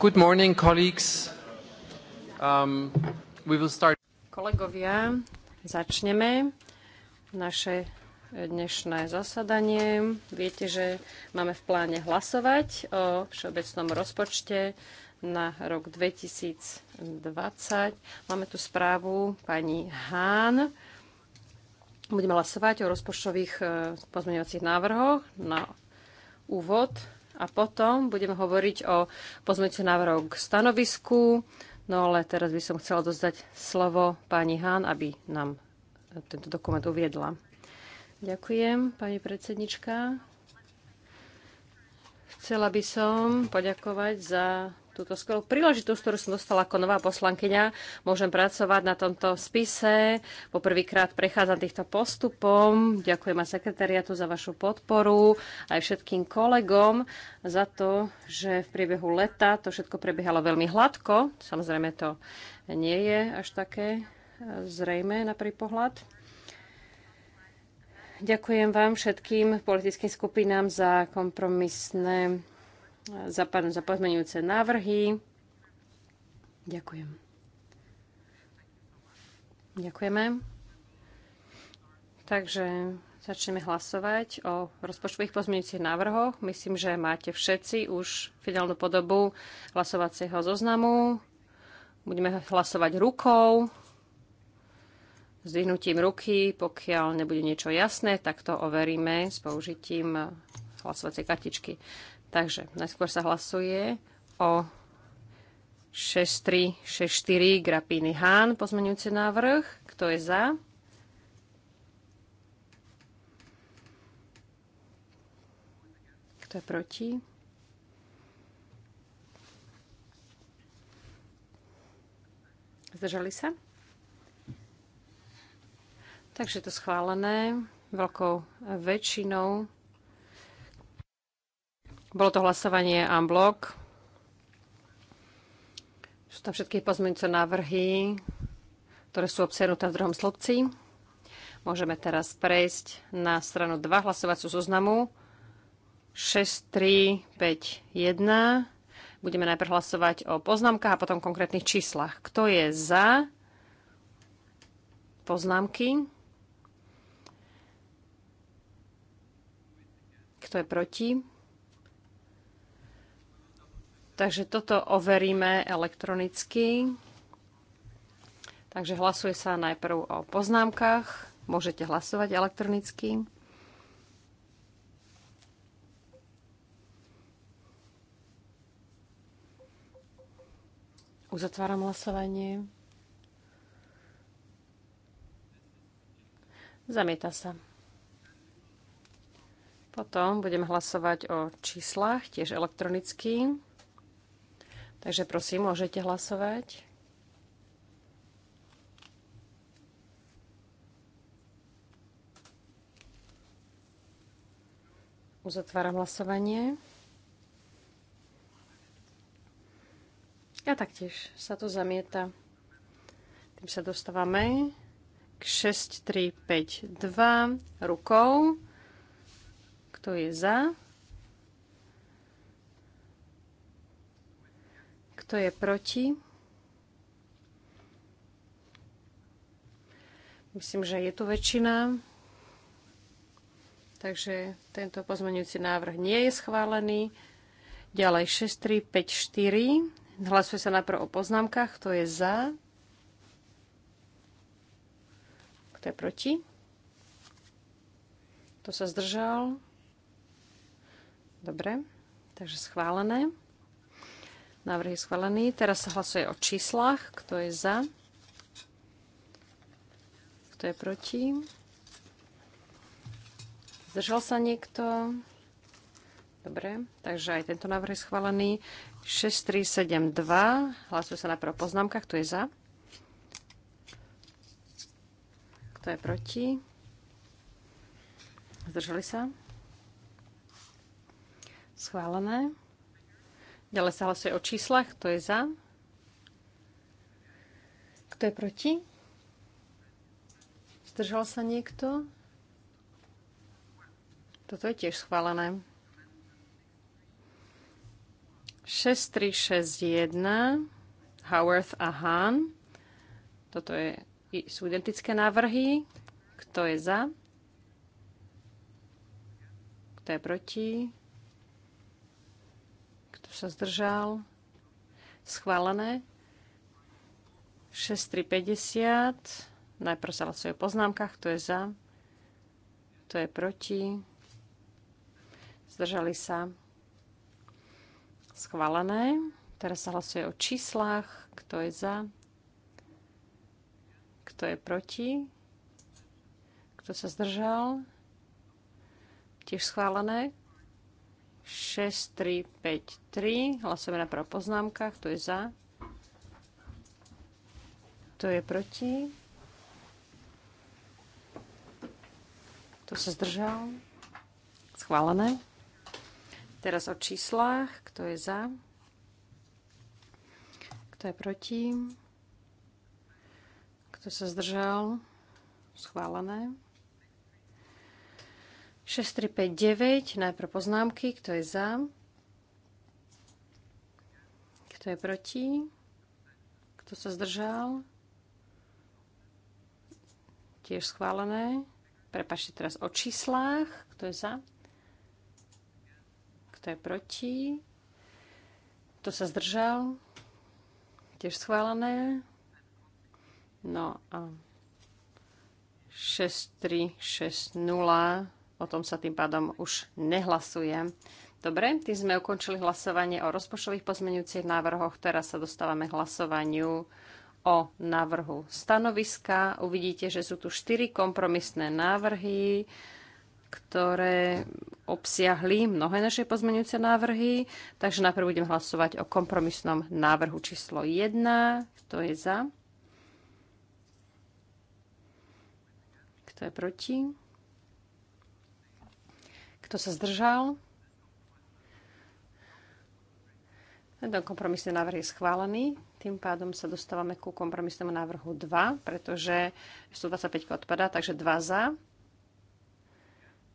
Good morning, colleagues. Um, we will start... Kolegovia, začneme naše dnešné zasadanie. Viete, že máme v pláne hlasovať o všeobecnom rozpočte na rok 2020. Máme tu správu pani Hán. Budeme hlasovať o rozpočtových eh, pozmeňovacích návrhoch na úvod a potom budeme hovoriť o pozmeňujúcich návrhu k stanovisku. No ale teraz by som chcela dozdať slovo pani Hán, aby nám tento dokument uviedla. Ďakujem, pani predsednička. Chcela by som poďakovať za túto skvelú príležitosť, ktorú som dostala ako nová poslankyňa. Môžem pracovať na tomto spise. Poprvýkrát prechádzam týchto postupom. Ďakujem aj sekretariatu za vašu podporu, aj všetkým kolegom za to, že v priebehu leta to všetko prebiehalo veľmi hladko. Samozrejme to nie je až také e, zrejme na prvý pohľad. Ďakujem vám všetkým politickým skupinám za kompromisné za, pardon, za pozmeňujúce návrhy. Ďakujem. Ďakujeme. Takže začneme hlasovať o rozpočtových pozmeňujúcich návrhoch. Myslím, že máte všetci už finálnu podobu hlasovacieho zoznamu. Budeme hlasovať rukou, zdvihnutím ruky. Pokiaľ nebude niečo jasné, tak to overíme s použitím hlasovacej kartičky. Takže najskôr sa hlasuje o 6364 Grapiny Hán, pozmenujúci návrh. Kto je za? Kto je proti? Zdržali sa? Takže je to schválené veľkou väčšinou. Bolo to hlasovanie bloc. Sú tam všetky pozmeňujúce návrhy, ktoré sú obsiahnuté v druhom slobci. Môžeme teraz prejsť na stranu 2 hlasovacú zoznamu 6, 5, 1. Budeme najprv hlasovať o poznámkach a potom konkrétnych číslach. Kto je za poznámky? Kto je proti? Takže toto overíme elektronicky. Takže hlasuje sa najprv o poznámkach. Môžete hlasovať elektronicky. Uzatváram hlasovanie. Zamieta sa. Potom budeme hlasovať o číslach, tiež elektronicky. Takže prosím, môžete hlasovať. Uzatváram hlasovanie. A taktiež sa to zamieta. Tým sa dostávame k 6, 3, 5, 2 rukou. Kto je za? Kto je proti? Myslím, že je tu väčšina. Takže tento pozmeňujúci návrh nie je schválený. Ďalej 6354. Hlasuje sa najprv o poznámkach. Kto je za? Kto je proti? Kto sa zdržal? Dobre, takže schválené. Návrh je schválený. Teraz sa hlasuje o číslach. Kto je za? Kto je proti? Zdržal sa niekto? Dobre, takže aj tento návrh je schválený. 6372. Hlasuje sa najprv o poznámkach. Kto je za? Kto je proti? Zdržali sa? Schválené. Ďalej sa hlasuje o číslach. Kto je za? Kto je proti? Zdržal sa niekto? Toto je tiež schválené. 6361 Howarth a Hahn. Toto je, sú identické návrhy. Kto je za? Kto je proti? kto sa zdržal, schválené. 6350, najprv sa hlasuje o poznámkach, kto je za, kto je proti, zdržali sa, schválené. Teraz sa hlasuje o číslach, kto je za, kto je proti, kto sa zdržal, tiež schválené. 6, 5, 3. Hlasujeme na prv poznámkach. Kto je za? Kto je proti? Kto sa zdržal? Schválené. Teraz o číslach. Kto je za? Kto je proti? Kto sa zdržal? Schválené. 6359, najprv poznámky, kto je za, kto je proti, kto sa zdržal, tiež schválené. Prepašte teraz o číslách, kto je za, kto je proti, kto sa zdržal, tiež schválené. No a 6360 O tom sa tým pádom už nehlasuje. Dobre, tým sme ukončili hlasovanie o rozpočtových pozmeňujúcich návrhoch. Teraz sa dostávame k hlasovaniu o návrhu stanoviska. Uvidíte, že sú tu štyri kompromisné návrhy, ktoré obsiahli mnohé naše pozmeňujúce návrhy. Takže najprv budem hlasovať o kompromisnom návrhu číslo 1. Kto je za? Kto je proti? Kto sa zdržal? Tento kompromisný návrh je schválený. Tým pádom sa dostávame ku kompromisnému návrhu 2, pretože 125 odpadá, takže 2 za.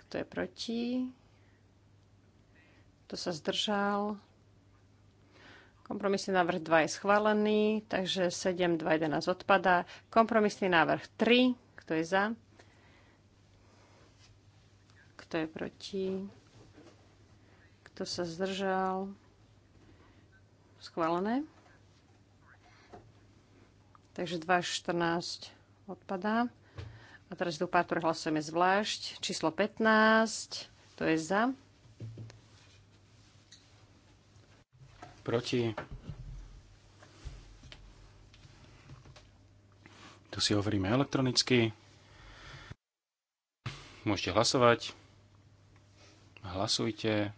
Kto je proti? Kto sa zdržal? Kompromisný návrh 2 je schválený, takže 7, 2, 11 odpadá. Kompromisný návrh 3, kto je za? kto je proti, kto sa zdržal. Schválené. Takže 2.14 odpadá. A teraz do pár hlasujeme zvlášť. Číslo 15, to je za. Proti. Tu si hovoríme elektronicky. Môžete hlasovať. Hlasujte.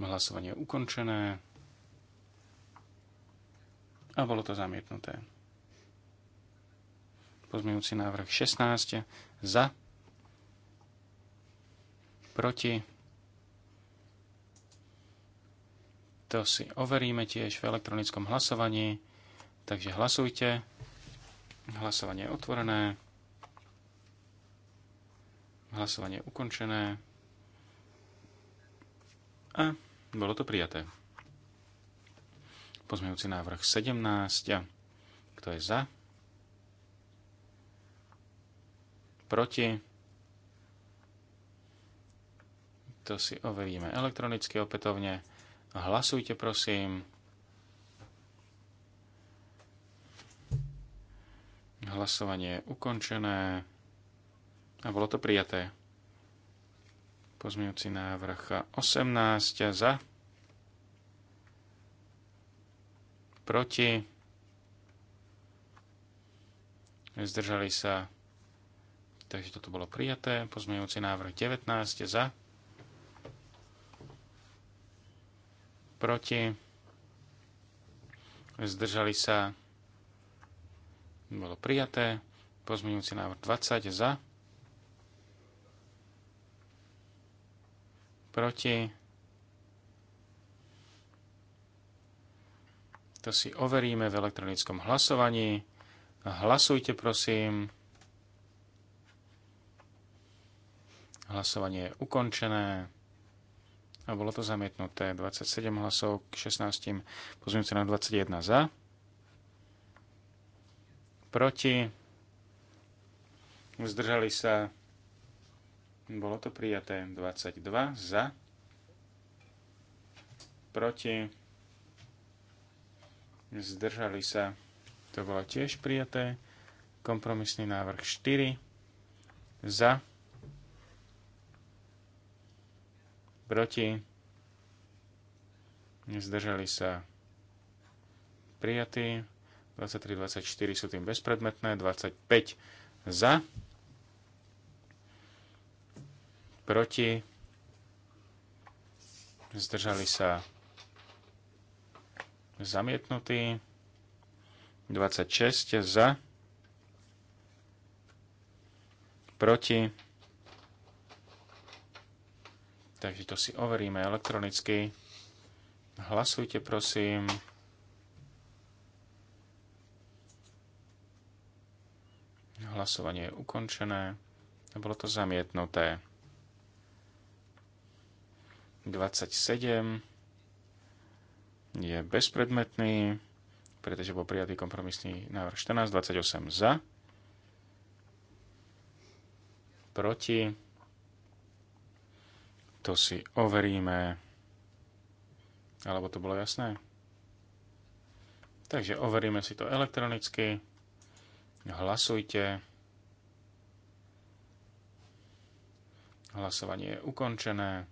Hlasovanie je ukončené. A bolo to zamietnuté. Pozmejúci návrh 16 za, proti. To si overíme tiež v elektronickom hlasovaní. Takže hlasujte. Hlasovanie je otvorené. Hlasovanie ukončené. A bolo to prijaté. Pozmejúci návrh 17. Kto je za? Proti? To si overíme elektronicky opätovne. Hlasujte prosím. Hlasovanie je ukončené a bolo to prijaté. Pozmeňujúci návrh 18 za, proti, zdržali sa, takže toto bolo prijaté. Pozmeňujúci návrh 19 za, proti, zdržali sa, bolo prijaté. Pozmeňujúci návrh 20 za, proti. To si overíme v elektronickom hlasovaní. Hlasujte, prosím. Hlasovanie je ukončené a bolo to zamietnuté 27 hlasov k 16, sa na 21 za, proti, zdržali sa bolo to prijaté 22 za, proti, zdržali sa, to bolo tiež prijaté. Kompromisný návrh 4 za, proti, zdržali sa, prijatí. 23, 24 sú tým bezpredmetné, 25 za proti, zdržali sa zamietnutí, 26 za, proti, takže to si overíme elektronicky, hlasujte prosím, hlasovanie je ukončené bolo to zamietnuté. 27 je bezpredmetný, pretože bol prijatý kompromisný návrh 14, 28 za, proti, to si overíme, alebo to bolo jasné? Takže overíme si to elektronicky, hlasujte, hlasovanie je ukončené,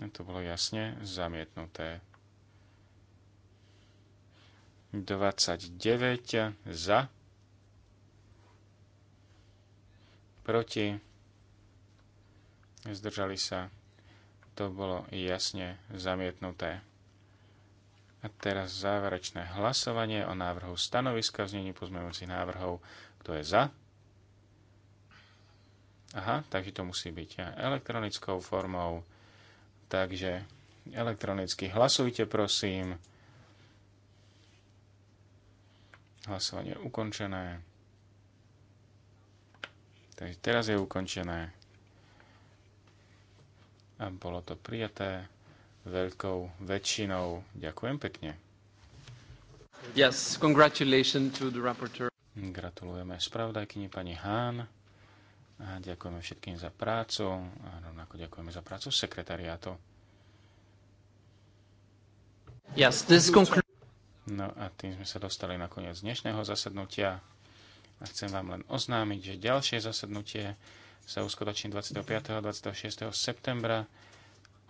to bolo jasne zamietnuté. 29 za, proti, zdržali sa. To bolo jasne zamietnuté. A teraz záverečné hlasovanie o návrhu stanoviska vznení pozmeňujúcich návrhov. Kto je za? Aha, takže to musí byť elektronickou formou takže elektronicky hlasujte, prosím. Hlasovanie je ukončené. Takže teraz je ukončené. A bolo to prijaté veľkou väčšinou. Ďakujem pekne. Yes, congratulations to the rapporteur. Gratulujeme spravodajkyni pani Hán. A ďakujeme všetkým za prácu a rovnako ďakujeme za prácu sekretariátu. no a tým sme sa dostali na koniec dnešného zasadnutia. A chcem vám len oznámiť, že ďalšie zasadnutie sa uskutoční 25. a 26. septembra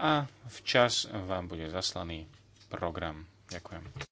a včas vám bude zaslaný program. Ďakujem.